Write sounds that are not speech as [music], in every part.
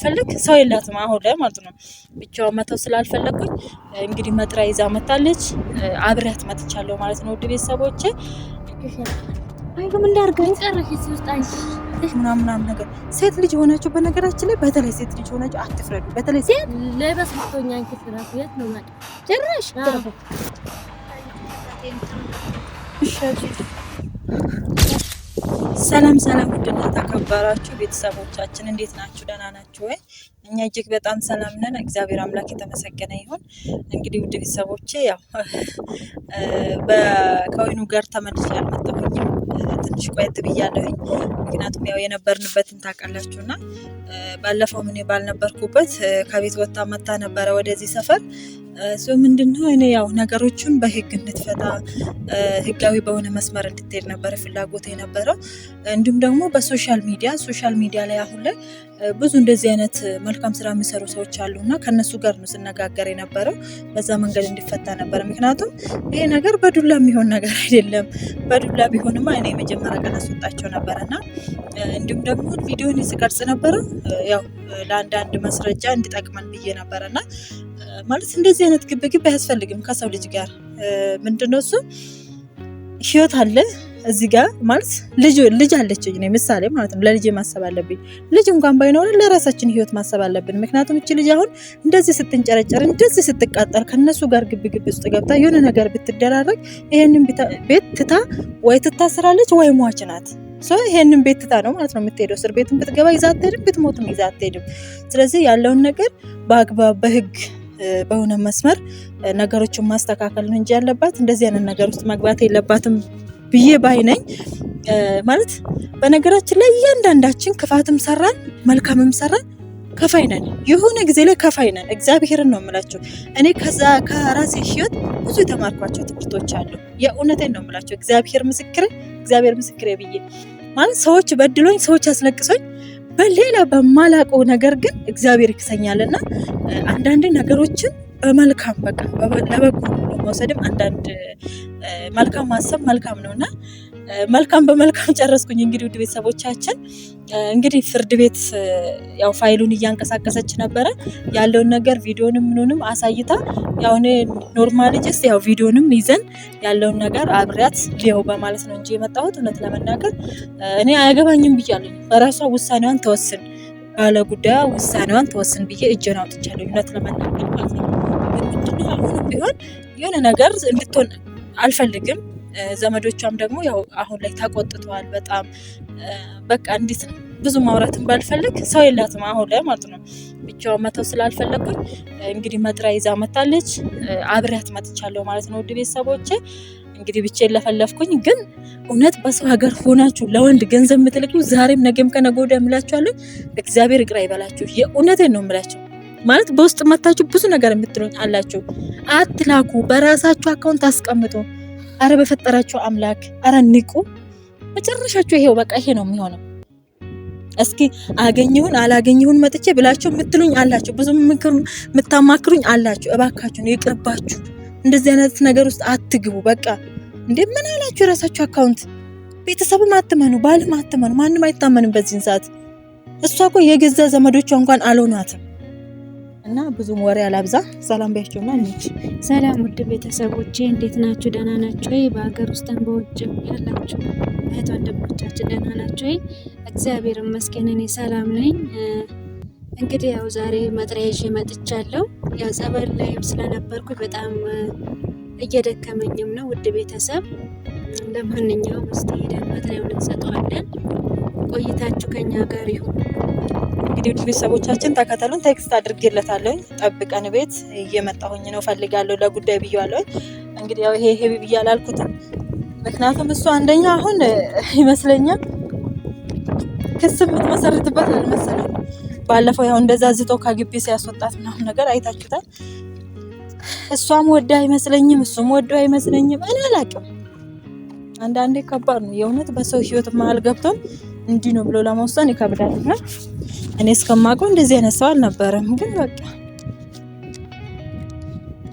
ስላልፈለግ ሰው የላትም አሁን ላይ ማለት ነው። ብቻውን መተው ስላልፈለግኩኝ እንግዲህ መጥሪያ ይዛ መታለች። አብሬያት መጥቻለሁ ማለት ነው። ውድ ቤተሰቦች ምናምናም ነገር ሴት ልጅ የሆናችሁ በነገራችን ላይ በተለይ ሴት ልጅ የሆናችሁ አትፍረዱ። በተለይ ሴት ለበስቶኛ ጭራሽ ሰላም ሰላም፣ ውድና ተከበራችሁ ቤተሰቦቻችን እንዴት ናችሁ? ደህና ናችሁ ወይ? እኛ እጅግ በጣም ሰላም ነን። እግዚአብሔር አምላክ የተመሰገነ ይሁን። እንግዲህ ውድ ቤተሰቦቼ ያው [laughs] ከወይኑ ጋር ተመልሼ አልመጣሁኝም ትንሽ ቆየት ብያለሁኝ። ምክንያቱም ያው የነበርንበትን ታውቃላችሁ እና ባለፈውም እኔ ባልነበርኩበት ከቤት ወጥታ መታ ነበረ ወደዚህ ሰፈር እሱ ምንድነው እኔ ያው ነገሮችን በህግ እንድትፈታ ህጋዊ በሆነ መስመር እንድትሄድ ነበረ ፍላጎት የነበረው። እንዲሁም ደግሞ በሶሻል ሚዲያ ሶሻል ሚዲያ ላይ አሁን ላይ ብዙ እንደዚህ አይነት መልካም ስራ የሚሰሩ ሰዎች አሉ እና ከእነሱ ጋር ነው ስነጋገር የነበረው። በዛ መንገድ እንዲፈታ ነበረ። ምክንያቱም ይሄ ነገር በዱላ የሚሆን ነገር አይደለም። በዱላ ቢሆንማ ነው የመጀመሪያ ቀን አስወጣቸው ነበር እና እንዲሁም ደግሞ ቪዲዮን ስቀርጽ ነበረ ያው ለአንዳንድ ማስረጃ እንዲጠቅመን ብዬ ነበረ እና ማለት እንደዚህ አይነት ግብግብ አያስፈልግም ከሰው ልጅ ጋር ምንድነው እሱ ህይወት አለ እዚህ ጋር ማለት ልጅ ልጅ አለችኝ ነው ምሳሌ ማለት ነው። ለልጅ ማሰብ አለብኝ። ልጅ እንኳን ባይኖር ለራሳችን ህይወት ማሰብ አለብን። ምክንያቱም እቺ ልጅ አሁን እንደዚህ ስትንጨረጨር፣ እንደዚህ ስትቃጠል፣ ከነሱ ጋር ግብ ግብ ውስጥ ገብታ የሆነ ነገር ብትደራረግ ይሄንን ቤት ትታ ወይ ትታስራለች ወይ ሟች ናት። ይሄንን ቤት ትታ ነው ማለት ነው የምትሄደው። እስር ቤትን ብትገባ ይዛ አትሄድም፣ ብትሞትም ይዛ አትሄድም። ስለዚህ ያለውን ነገር በአግባብ በህግ በሆነ መስመር ነገሮችን ማስተካከል ነው እንጂ ያለባት እንደዚህ አይነት ነገር ውስጥ መግባት የለባትም። ብዬ ባይ ነኝ። ማለት በነገራችን ላይ እያንዳንዳችን ክፋትም ሰራን መልካምም ሰራን ከፋይ ነን። የሆነ ጊዜ ላይ ከፋይ ነን። እግዚአብሔርን ነው የምላቸው። እኔ ከዛ ከራሴ ህይወት ብዙ የተማርኳቸው ትምህርቶች አሉ። የእውነቴን ነው የምላቸው። እግዚአብሔር ምስክር፣ እግዚአብሔር ምስክር ብዬ ማለት ሰዎች በድሎኝ፣ ሰዎች አስለቅሶኝ፣ በሌላ በማላውቀው ነገር ግን እግዚአብሔር ይክሰኛልና አንዳንድ ነገሮችን በመልካም በቃ ለበጎ መውሰድም አንዳንድ መልካም ማሰብ መልካም ነው እና መልካም በመልካም [laughs] ጨረስኩኝ። እንግዲህ ውድ ቤተሰቦቻችን እንግዲህ ፍርድ ቤት ያው ፋይሉን እያንቀሳቀሰች ነበረ ያለውን ነገር ቪዲዮንም ምኑንም አሳይታ ያው እኔ ኖርማል ጅስ ያው ቪዲዮንም ይዘን ያለውን ነገር አብሪያት ሊው በማለት ነው እንጂ የመጣሁት እውነት ለመናገር እኔ አያገባኝም ብያለኝ። በራሷ ውሳኔዋን ተወስን ባለ ባለጉዳዩ ውሳኔዋን ተወስን ብዬ እጄን አውጥቻለሁ። እውነት ለመናገር ማለት ነው። ምንድነው አሁኑ ቢሆን የሆነ ነገር እንድትሆን አልፈልግም። ዘመዶቿም ደግሞ ያው አሁን ላይ ተቆጥተዋል በጣም በቃ እንዲት ብዙ ማውራትን ባልፈልግ ሰው የላትም አሁን ላይ ማለት ነው። ብቻ መተው ስላልፈለግኩኝ እንግዲህ መጥሪያ ይዛ መታለች። አብሬያት መጥቻለሁ ማለት ነው። ውድ ቤተሰቦቼ እንግዲህ ብቻ ለፈለፍኩኝ። ግን እውነት በሰው ሀገር ሆናችሁ ለወንድ ገንዘብ የምትልቁ ዛሬም ነገም ከነገ ወዲያ እምላችኋለሁ እግዚአብሔር ይቅር ይበላችሁ። የእውነቴን ነው የምላቸው ማለት በውስጥ መታችሁ ብዙ ነገር የምትሉኝ አላችሁ። አትላኩ፣ በራሳችሁ አካውንት አስቀምጡ። አረ በፈጠራችሁ አምላክ፣ አረ ንቁ። መጨረሻችሁ ይሄው በቃ ይሄ ነው የሚሆነው። እስኪ አገኘሁን አላገኘሁን መጥቼ ብላችሁ የምትሉኝ አላችሁ፣ ብዙ የምታማክሩኝ አላችሁ። እባካችሁን ይቅርባችሁ፣ እንደዚህ አይነት ነገር ውስጥ አትግቡ። በቃ እንዴ ምን አላችሁ? የራሳችሁ አካውንት ቤተሰብም አትመኑ፣ ባልም አትመኑ፣ ማንም አይታመንም በዚህን ሰዓት። እሷ እኮ የገዛ ዘመዶቿ እንኳን አልሆኗትም እና ብዙም ወሬ አላብዛ። ሰላም ቢያቸውና ነች። ሰላም ውድ ቤተሰቦቼ እንዴት ናችሁ? ደህና ናችሁ ወይ? በሀገር ውስጥን በውጭ ያላችሁ እህት ወንድሞቻችን ደህና ናችሁ ወይ? እግዚአብሔር ይመስገን እኔ ሰላም ነኝ። እንግዲህ ያው ዛሬ መጥሪያ ይዤ መጥቻለሁ። ያው ጸበል ላይም ስለነበርኩ በጣም እየደከመኝም ነው ውድ ቤተሰብ። ለማንኛውም ውስጥ ሄደን መጥሪያውን እንሰጠዋለን። ቆይታችሁ ከኛ ጋር ይሁን። እንግዲህ ውድ ቤተሰቦቻችን ተከተሉን። ቴክስት አድርጌለታለሁኝ ጠብቀን ቤት እየመጣሁኝ ነው ፈልጋለሁ ለጉዳይ ብያለሁኝ። እንግዲህ ያው ይሄ ሄቢ ብዬ አላልኩትም፣ ምክንያቱም እሱ አንደኛ አሁን ይመስለኛል ክስ የምትመሰርትበት አልመሰለም። ባለፈው ያው እንደዛ ዝቶ ከግቢ ሲያስወጣት ምናምን ነገር አይታችሁታል። እሷም ወደ አይመስለኝም እሱም ወደ አይመስለኝም። እኔ አላቅም። አንዳንዴ ከባድ ነው የእውነት በሰው ህይወት መሀል ገብቶም እንዲህ ነው ብሎ ለመወሰን ይከብዳል እኔ እስከማውቀው እንደዚህ አይነት ሰው አልነበረም። ግን በቃ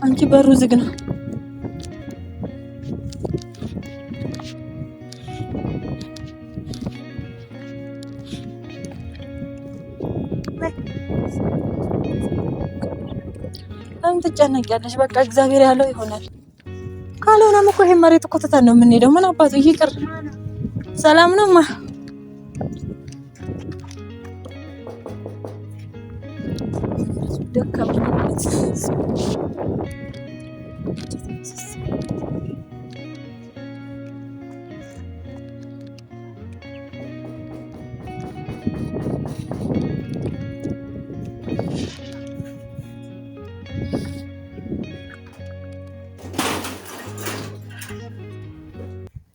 አንቺ በሩ ዝግ ነው። ለምን ትጨነቂያለሽ? በቃ እግዚአብሔር ያለው ይሆናል። ካልሆነም እኮ ይሄን መሬት እኮ ትተን ነው የምንሄደው። ምን አባቱ ይቅር። ሰላም ነው ማ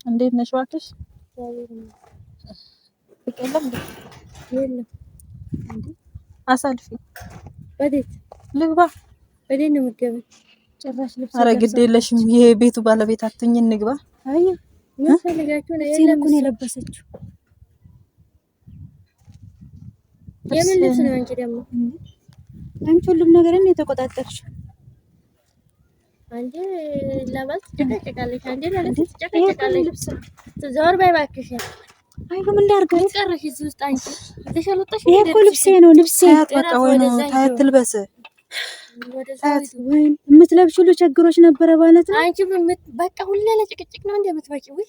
እንዴት ነሽ? እባክሽ ፍቅ የለም የለም። አሳልፊ ወዴት ልግባ? በደንብ ነው የምትገቢው። ጭራሽ ልብስ አረ ግድ የለሽም። ይሄ ቤቱ ባለቤት አትኝ እንግባ። አይ ምን ፈልጋችሁ ነው? የለም እኮ የለበሰችው። የምን ልብስ ነው? አንቺ ደግሞ አንቺ ሁሉም ነገር ነው ለባስ እዚህ ውስጥ አንቺ? ይሄ ልብሴ ነው ልብሴ። በቃ ወይ ነው ታያት ትልበስ የምትለብሽ ሁሉ ችግሮች ነበረ ማለት ነው። አንቺ በቃ ሁሌ ለጭቅጭቅ ነው እንደምትበቂ ውይ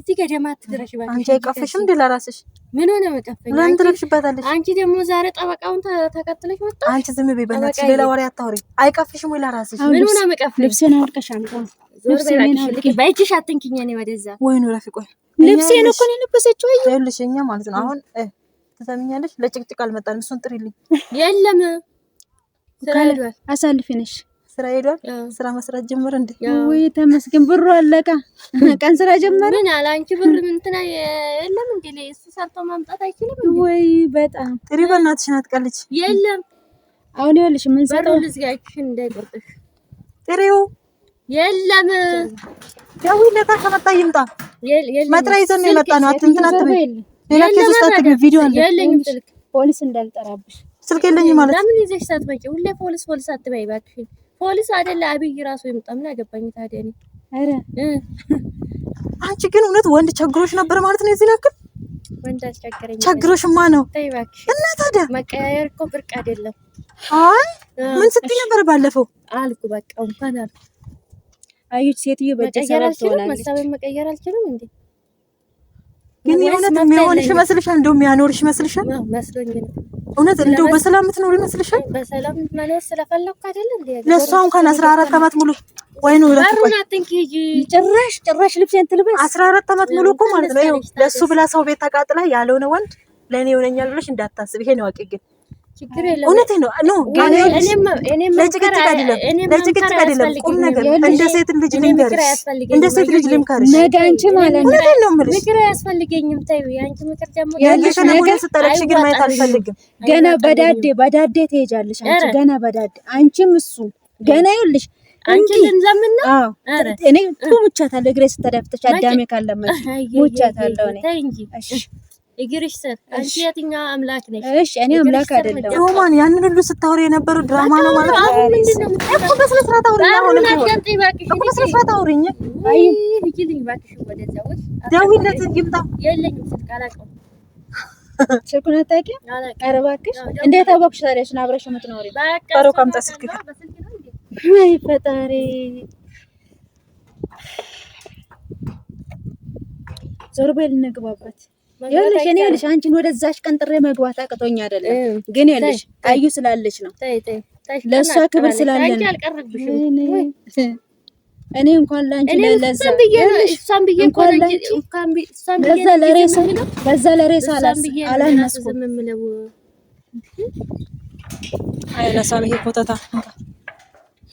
እዚህ ገደማ አትድረሽ ባለሽ አንቺ አይቀፍሽም እንዴ? ለራስሽ ምን ሆነ መቀፈኝ? ለምን ትለብሽበታለሽ? አንቺ ደግሞ ዛሬ ጠበቃውን ተከትለሽ መጣ። አንቺ ዝም በይ በእናትሽ፣ ሌላ ወሬ አታውሪ። አይቀፍሽም ወይ ለራስሽ? ምን ሆነ መቀፈኝ? ልብስን አውልቀሽ በእጅሽ አትንኪኝ። እኔ ወደዛ ወይ ረፊ። ቆይ ልብሴን እኮ ነው የለበሰችው። አይ እኛ ማለት ነው አሁን ትሰሚኛለሽ፣ ለጭቅጭቅ አልመጣንም። እሱን ጥሪልኝ። የለም አሳልፊንሽ ስራ ሄዷል። ስራ መስራት ጀመረ እንዴ? ወይ ተመስገን፣ ብሩ አለቃ። [laughs] ቀን ስራ ጀመረ። ምን አለ አንቺ ብር እንትና የለም እንዴ? እሱ ሰርቶ ማምጣት አይችልም ወይ በጣም ጥሪ። በእናትሽ ናትቀልች። የለም አሁን ይኸውልሽ፣ ምን ሰራው ልዝጋችሁ እንዳይቆርጥሽ። ጥሪው የለም። ያው ለታ ከመጣ ይምጣ። መጥሪያ ይዘን ነው የመጣ ነው። አትንትና አትበይ። ሌላ ኬስ ውስጥ አትገቢ። ቪዲዮ አለ። የለኝም ስልክ ፖሊስ እንዳልጠራብሽ ስልክ የለኝ ማለት ለምን ይዘሽ ሳትመጪ ሁሌ ፖሊስ ፖሊስ አትበይ እባክሽን። ፖሊስ አይደለ አብይ ራሱ ይምጣ። ምን አገባኝ ታዲያ እኔ። ኧረ አንቺ ግን እውነት ወንድ ቸግሮሽ ነበር ማለት ነው የዚህ ያክል ወንድ አልቸገረኝ። ቸግሮሽማ ነው እና ታዲያ መቀያየር እኮ ብርቅ አይደለም። አይ ምን ስትይ ነበር ባለፈው? አልኩ በቃ እንኳን አልኩ አዩት ሴትዮ በጨሰራ ትሆናለች። መቀየር አልችልም እንዴ ግን የእውነት የሚሆንሽ መስልሻል? እንደው የሚያኖርሽ ይመስልሻል? እውነት እንደው በሰላም የምትኖር ይመስልሻል? በሰላም መኖር ስለፈለኩ አይደል እንዴ? ለእሷ እንኳን አራት አመት ሙሉ ወይ ነው ጭራሽ ጭራሽ ልብሴን ትልበስ። አራት አመት ሙሉ እኮ ማለት ነው። ለእሱ ብላ ሰው ቤት ተቃጥላ ያለሆነ ወንድ ለእኔ ይሆነኛል ብለሽ እንዳታስብ። ይሄን ዋቂ ግን እውነቴ ነው። ለጭቅጭቅ አይደለም፣ ለጭቅጭቅ አይደለም። ቁም ነገር እንደ ሴት ልጅ ልምከርሽ፣ እንደ ሴት ልጅ ልምከርሽ። ነገ ነው ምክር ያለሽ ነገር ስጠረቅሽ ግን ማየት አልፈልግም። ገና በዳዴ በዳዴ ትሄጃለሽ አንቺ ገና በዳዴ አንቺም እሱ ገና ይኸውልሽ አንቺ ለምን ነው እኔ ሙቻታለሁ። እግሬ ስተደፍተሽ አዳሜ ካለመች ሙቻታለሁ እኔ እሺ እግርሽ ስር አንቺ የትኛው አምላክ ነሽ? እሺ እኔ አምላክ አይደለም። ሮማን ያንን ሁሉ ስታወሪ የነበረው ድራማ ነው ማለት ነው እኮ። በስነ ስርዓት አሁን እኮ በስነ ስርዓት አውሪኝ። አይ ባክሽ፣ ደውይለት ይምጣ። የለኝም ስልክ አላውቅም። ስልኩን አታውቂም? ኧረ እባክሽ እንዴት አወቅሽ አብረሽ የምትኖሪ ስልክ። ፈጣሪ ዞር ይኸውልሽ እኔ ይኸውልሽ አንቺን ወደዛሽ ቀን ጥሬ መግባት አቅቶኝ አይደለም፣ ግን ይኸውልሽ አዩ ስላለች ነው ለእሷ ክብር ስላለ ነው። እኔ እንኳን ላንቺ ለለዛ በዛ ለሬሳ በዛ ለሬሳ አላነስኩም። ለሳም ይሄ ኮተታ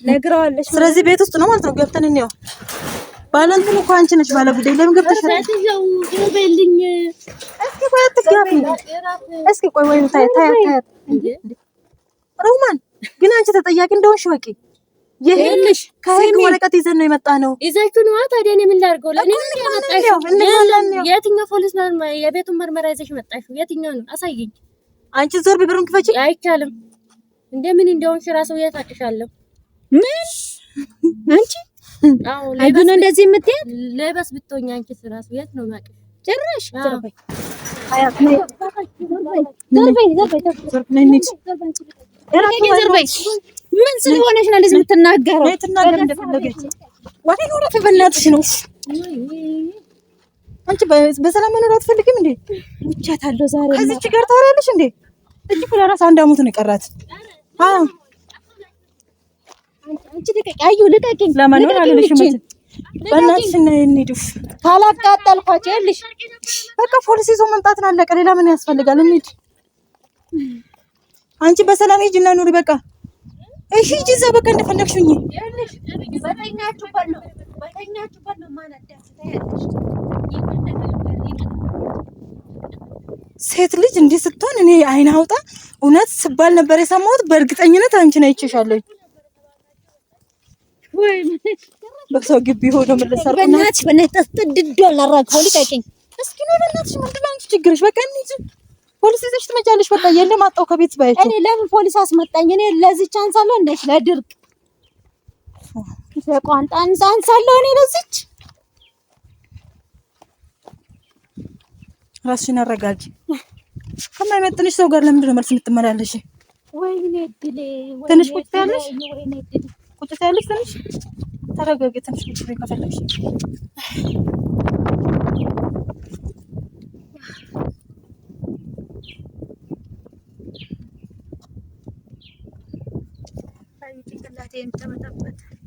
ነግረዋለች። ስለዚህ ቤት ውስጥ ነው ማለት ነው ገብተን እንየው ባለ እንትን እኮ አንቺ ነሽ ባለ ጉዳይ። ለምን ገብተሽ ነው? እስኪ ቆይ አትጋቢ። እስኪ ቆይ ወይም ታይ ታይ ታይ ሮማን ግን አንቺ ተጠያቂ እንደሆንሽ ወቂ። ይሄንሽ ከህግ ወረቀት ይዘን ነው የመጣ ነው። ይዘችሁ ነው ታዲያ እኔ ምን ላድርገው? ለኔ ምን ያመጣሽው? የትኛው ፖሊስ ነው የቤቱን ምርመራ ይዘሽ መጣሽው? የትኛው ነው አሳየኝ። አንቺ ዞር ቢብሩን ክፈቺ። አይቻልም። እንደምን እንደሆንሽ ራስዎ ያሳቅሻለሁ። ምን አንቺ አይዱ ነው እንደዚህ የምትሄድ ለበስ ብትሆኝ አንቺ ስራስ የት ነው ማቀፍ ጭራሽ ምን ስለሆነሽ ነው እንደዚህ የምትናገረው? በእናትሽ ነው አንቺ በሰላም መኖር አትፈልጊም እንዴ? ውቻታለሁ ዛሬ ከዚች ጋር ታወራለሽ እንዴ? እጅ ለራስ አንድ አመቱ ነው የቀራት። ካላቃጠልኳቸው ይኸውልሽ፣ በቃ ፖሊስ ይዞ መምጣትን አለቀ። ሌላ ምን ያስፈልጋል? እንሂድ። አንቺ በሰላም ሂጂ እና ኑሪ። በቃ እሺ፣ ሂጂ እዛ በቃ ሴት ልጅ እንዲህ ስትሆን እኔ አይን አውጣ እውነት ስባል ነበር የሰማሁት። በእርግጠኝነት አንቺን አይቼሻለሁ። በሰው ግቢ ሆኖ ምን ልትሰርቁ ነው? በእናትሽ በእናትሽ ተስጥድዶ አላራግፈው ልቀቂኝ። እስኪ ነው በእናትሽ ምንድን ነው አንቺ ችግርሽ? በቃ እንሂድ። ፖሊስ ይዘሽ ትመጫለሽ። በቃ የለም አጣው ከቤት ባይቸው እኔ ለምን ፖሊስ አስመጣኝ? እኔ ለዚህ ቻንስ አለው እንደሽ ለድርቅ ለቋንጣ ቻንስ አለው እኔ ለዚች ራስሽን አረጋጊ። ከማይመጥንሽ ሰው ጋር ለምንድን ነው መልስ የምትመላለሽ? ትንሽ ቁጭ ያለሽ Özelliklemiş. Karagöl getirmiş. Üç büyük özelliklemiş.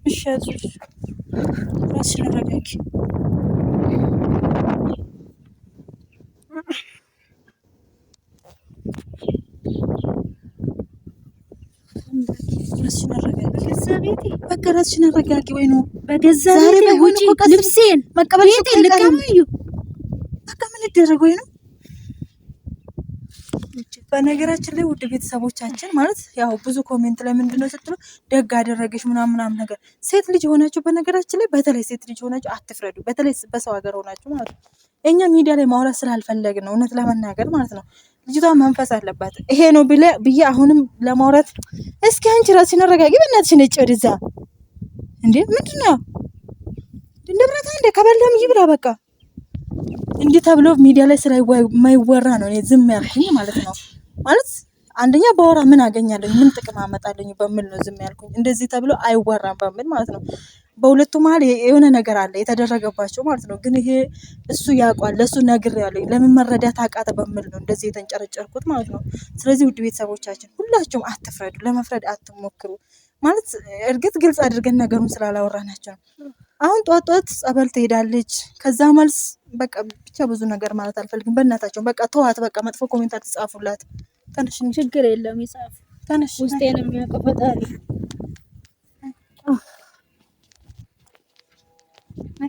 مش هادوش ماشي نراك በቃ ራስሽን አረጋጊ። ወይ ነው በገዛ ዛሬ ውጪ ልብሴን መቀበል ልቀመዩ በቃ ምን ይደረግ ወይ ነው። በነገራችን ላይ ውድ ቤተሰቦቻችን ማለት ያው ብዙ ኮሜንት ላይ ምንድነው ስትሉ ደግ አደረገሽ ምናምን ምናምን ነገር ሴት ልጅ ሆናችሁ በነገራችን ላይ በተለይ ሴት ልጅ ሆናችሁ አትፍረዱ። በተለይ በሰው ሀገር ሆናችሁ ማለት ነው። እኛ ሚዲያ ላይ ማውራት ስላልፈለግን ነው እውነት ለመናገር ማለት ነው። ልጅቷ መንፈስ አለባት። ይሄ ነው ብለ ብዬ አሁንም ለማውራት እስኪ አንቺ ራስሽን አረጋጊ በእናትሽ። ነጭ ወደዛ እንዴ ምንድን ነው ንብረታ እንደ ከበለም ይብላ በቃ እንዲህ ተብሎ ሚዲያ ላይ ስራ የማይወራ ነው እኔ ዝም ያልኩኝ ማለት ነው። ማለት አንደኛ በወራ ምን አገኛለኝ ምን ጥቅም አመጣለኝ በምል ነው ዝም ያልኩኝ። እንደዚህ ተብሎ አይወራም በምል ማለት ነው። በሁለቱ መሀል የሆነ ነገር አለ የተደረገባቸው ማለት ነው። ግን ይሄ እሱ ያውቋል፣ ለእሱ ነግሬዋለሁ። ለምን መረዳት አቃተ በምል ነው እንደዚህ የተንጨረጨርኩት ማለት ነው። ስለዚህ ውድ ቤተሰቦቻችን ሁላችሁም አትፍረዱ፣ ለመፍረድ አትሞክሩ። ማለት እርግጥ ግልጽ አድርገን ነገሩን ስላላወራናቸው አሁን ጧት ጧት ጸበል ትሄዳለች። ከዛ መልስ በቃ ብቻ ብዙ ነገር ማለት አልፈልግም። በእናታቸው በቃ ተዋት። በቃ መጥፎ ኮሜንት አትጻፉላት። ተነሽ፣ ችግር የለም ይጻፍ ተነሽ፣ ውስጤንም የሚያውቀው ፈጣሪ 来。